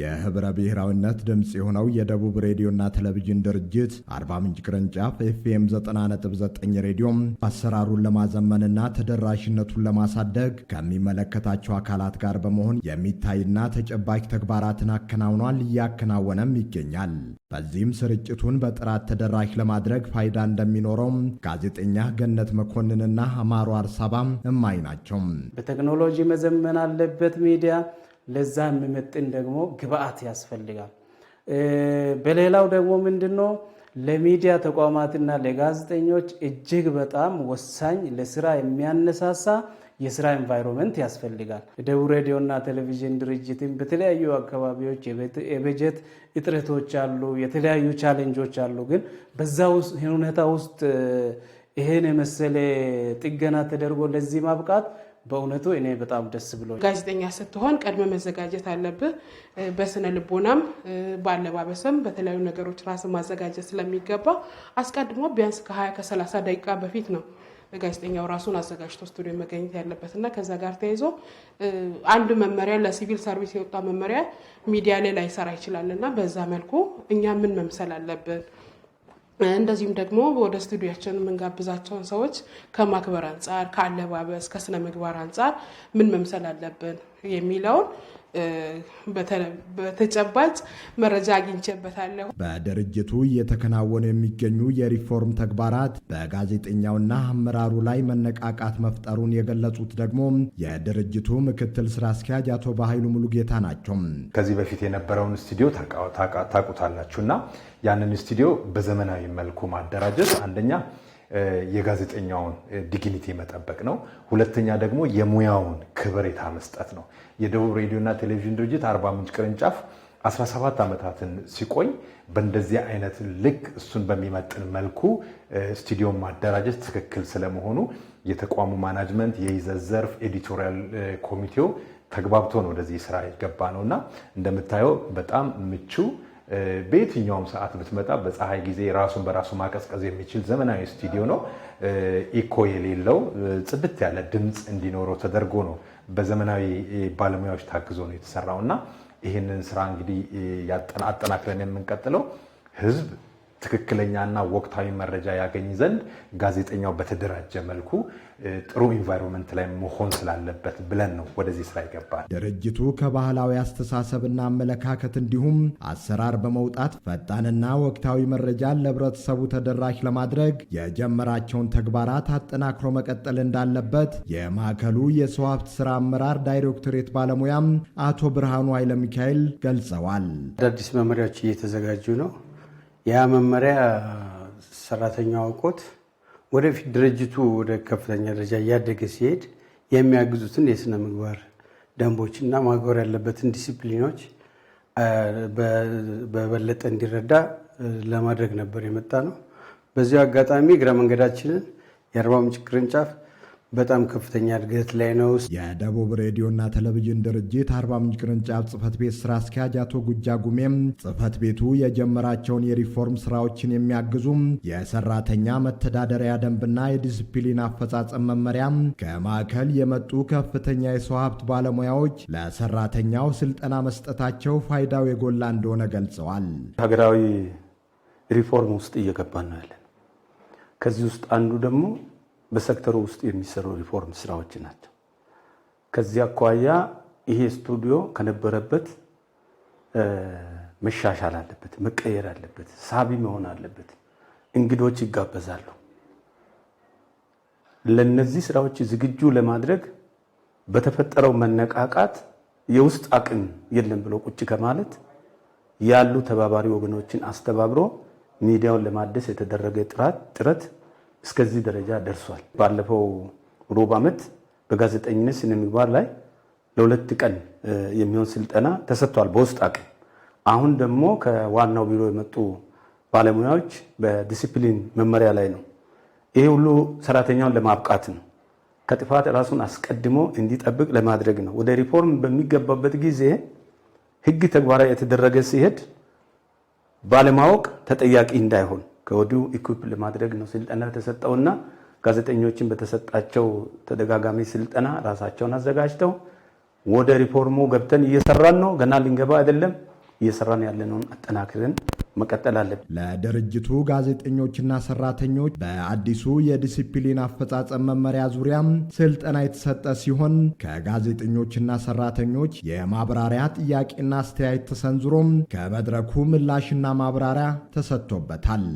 የህብረ ብሔራዊነት ድምፅ የሆነው የደቡብ ሬዲዮና ቴሌቪዥን ድርጅት አርባ ምንጭ ቅርንጫፍ ኤፍኤም 90.9 ሬዲዮም አሰራሩን ለማዘመንና ተደራሽነቱን ለማሳደግ ከሚመለከታቸው አካላት ጋር በመሆን የሚታይና ተጨባጭ ተግባራትን አከናውኗል፣ እያከናወነም ይገኛል። በዚህም ስርጭቱን በጥራት ተደራሽ ለማድረግ ፋይዳ እንደሚኖረውም ጋዜጠኛ ገነት መኮንንና አማሩ አርሳባም እማኝ ናቸው። በቴክኖሎጂ መዘመን አለበት ሚዲያ ለዛ የሚመጥን ደግሞ ግብአት ያስፈልጋል። በሌላው ደግሞ ምንድነው ለሚዲያ ተቋማትና ለጋዜጠኞች እጅግ በጣም ወሳኝ ለስራ የሚያነሳሳ የስራ ኤንቫይሮንመንት ያስፈልጋል። ደቡብ ሬዲዮና ቴሌቪዥን ድርጅትም በተለያዩ አካባቢዎች የበጀት እጥረቶች አሉ፣ የተለያዩ ቻሌንጆች አሉ። ግን በዛ ሁኔታ ውስጥ ይህን የመሰለ ጥገና ተደርጎ ለዚህ ማብቃት በእውነቱ እኔ በጣም ደስ ብሎ ጋዜጠኛ ስትሆን ቀድመ መዘጋጀት አለብህ። በስነ ልቦናም በአለባበስም በተለያዩ ነገሮች ራስ ማዘጋጀት ስለሚገባ አስቀድሞ ቢያንስ ከ20 ከ30 ደቂቃ በፊት ነው ጋዜጠኛው ራሱን አዘጋጅቶ ስቱዲዮ መገኘት ያለበት እና ከዛ ጋር ተያይዞ አንድ መመሪያ ለሲቪል ሰርቪስ የወጣ መመሪያ ሚዲያ ላይ ላይሰራ ይችላል እና በዛ መልኩ እኛ ምን መምሰል አለብን እንደዚሁም ደግሞ ወደ ስቱዲያችን የምንጋብዛቸውን ሰዎች ከማክበር አንጻር፣ ከአለባበስ፣ ከስነ ምግባር አንጻር ምን መምሰል አለብን የሚለውን በተጨባጭ መረጃ አግኝቼበታለሁ። በድርጅቱ እየተከናወኑ የሚገኙ የሪፎርም ተግባራት በጋዜጠኛውና አመራሩ ላይ መነቃቃት መፍጠሩን የገለጹት ደግሞ የድርጅቱ ምክትል ስራ አስኪያጅ አቶ በኃይሉ ሙሉጌታ ናቸው። ከዚህ በፊት የነበረውን ስቱዲዮ ታውቁታላችሁ ያንን ስቱዲዮ በዘመናዊ መልኩ ማደራጀት አንደኛ የጋዜጠኛውን ዲግኒቲ መጠበቅ ነው። ሁለተኛ ደግሞ የሙያውን ክብሬታ መስጠት ነው። የደቡብ ሬዲዮና ቴሌቪዥን ድርጅት አርባ ምንጭ ቅርንጫፍ 17 ዓመታትን ሲቆይ በእንደዚህ አይነት ልክ እሱን በሚመጥን መልኩ ስቱዲዮን ማደራጀት ትክክል ስለመሆኑ የተቋሙ ማናጅመንት፣ የይዘት ዘርፍ፣ ኤዲቶሪያል ኮሚቴው ተግባብቶ ነው ወደዚህ ስራ የገባ ነው እና እንደምታየው በጣም ምቹ በየትኛውም ሰዓት ብትመጣ በፀሐይ ጊዜ ራሱን በራሱ ማቀዝቀዝ የሚችል ዘመናዊ ስቱዲዮ ነው። ኢኮ የሌለው ጽድት ያለ ድምፅ እንዲኖረው ተደርጎ ነው በዘመናዊ ባለሙያዎች ታግዞ ነው የተሰራው እና ይህንን ስራ እንግዲህ አጠናክረን የምንቀጥለው ህዝብ ትክክለኛና ወቅታዊ መረጃ ያገኝ ዘንድ ጋዜጠኛው በተደራጀ መልኩ ጥሩ ኢንቫይሮንመንት ላይ መሆን ስላለበት ብለን ነው ወደዚህ ስራ ይገባል። ድርጅቱ ከባህላዊ አስተሳሰብና አመለካከት እንዲሁም አሰራር በመውጣት ፈጣንና ወቅታዊ መረጃን ለህብረተሰቡ ተደራሽ ለማድረግ የጀመራቸውን ተግባራት አጠናክሮ መቀጠል እንዳለበት የማዕከሉ የሰው ሀብት ስራ አመራር ዳይሬክቶሬት ባለሙያም አቶ ብርሃኑ ኃይለ ሚካኤል ገልጸዋል። አዳዲስ መመሪያዎች እየተዘጋጁ ነው። ያ መመሪያ ሰራተኛው አውቆት ወደፊት ድርጅቱ ወደ ከፍተኛ ደረጃ እያደገ ሲሄድ የሚያግዙትን የስነ ምግባር ደንቦችና ማግበር ያለበትን ዲሲፕሊኖች በበለጠ እንዲረዳ ለማድረግ ነበር የመጣ ነው። በዚሁ አጋጣሚ እግረ መንገዳችንን የአርባ ምንጭ ቅርንጫፍ በጣም ከፍተኛ እድገት ላይ ነው። የደቡብ ሬዲዮና ቴሌቪዥን ድርጅት አርባ ምንጭ ቅርንጫፍ ጽህፈት ቤት ስራ አስኪያጅ አቶ ጉጃ ጉሜም ጽህፈት ቤቱ የጀመራቸውን የሪፎርም ስራዎችን የሚያግዙም የሰራተኛ መተዳደሪያ ደንብና የዲስፕሊን አፈጻጸም መመሪያ ከማዕከል የመጡ ከፍተኛ የሰው ሀብት ባለሙያዎች ለሰራተኛው ስልጠና መስጠታቸው ፋይዳው የጎላ እንደሆነ ገልጸዋል። ሀገራዊ ሪፎርም ውስጥ እየገባ ነው ያለን። ከዚህ ውስጥ አንዱ ደግሞ በሴክተሩ ውስጥ የሚሰሩ ሪፎርም ስራዎች ናቸው። ከዚህ አኳያ ይሄ ስቱዲዮ ከነበረበት መሻሻል አለበት፣ መቀየር አለበት፣ ሳቢ መሆን አለበት። እንግዶች ይጋበዛሉ። ለነዚህ ስራዎች ዝግጁ ለማድረግ በተፈጠረው መነቃቃት የውስጥ አቅም የለም ብሎ ቁጭ ከማለት ያሉ ተባባሪ ወገኖችን አስተባብሮ ሚዲያውን ለማደስ የተደረገ ጥረት እስከዚህ ደረጃ ደርሷል። ባለፈው ሩብ ዓመት በጋዜጠኝነት ስነ ምግባር ላይ ለሁለት ቀን የሚሆን ስልጠና ተሰጥቷል በውስጥ አቅም። አሁን ደግሞ ከዋናው ቢሮ የመጡ ባለሙያዎች በዲሲፕሊን መመሪያ ላይ ነው። ይሄ ሁሉ ሰራተኛውን ለማብቃት ነው። ከጥፋት ራሱን አስቀድሞ እንዲጠብቅ ለማድረግ ነው። ወደ ሪፎርም በሚገባበት ጊዜ ህግ ተግባራዊ የተደረገ ሲሄድ ባለማወቅ ተጠያቂ እንዳይሆን ከወዲሁ ኢኩፕ ለማድረግ ነው ስልጠና የተሰጠውና ጋዜጠኞችን በተሰጣቸው ተደጋጋሚ ስልጠና ራሳቸውን አዘጋጅተው ወደ ሪፎርሙ ገብተን እየሰራን ነው። ገና ልንገባ አይደለም። እየሰራን ያለነውን አጠናክርን መቀጠል አለብን። ለድርጅቱ ጋዜጠኞችና ሰራተኞች በአዲሱ የዲሲፕሊን አፈጻጸም መመሪያ ዙሪያም ስልጠና የተሰጠ ሲሆን ከጋዜጠኞችና ሰራተኞች የማብራሪያ ጥያቄና አስተያየት ተሰንዝሮም ከመድረኩ ምላሽና ማብራሪያ ተሰጥቶበታል።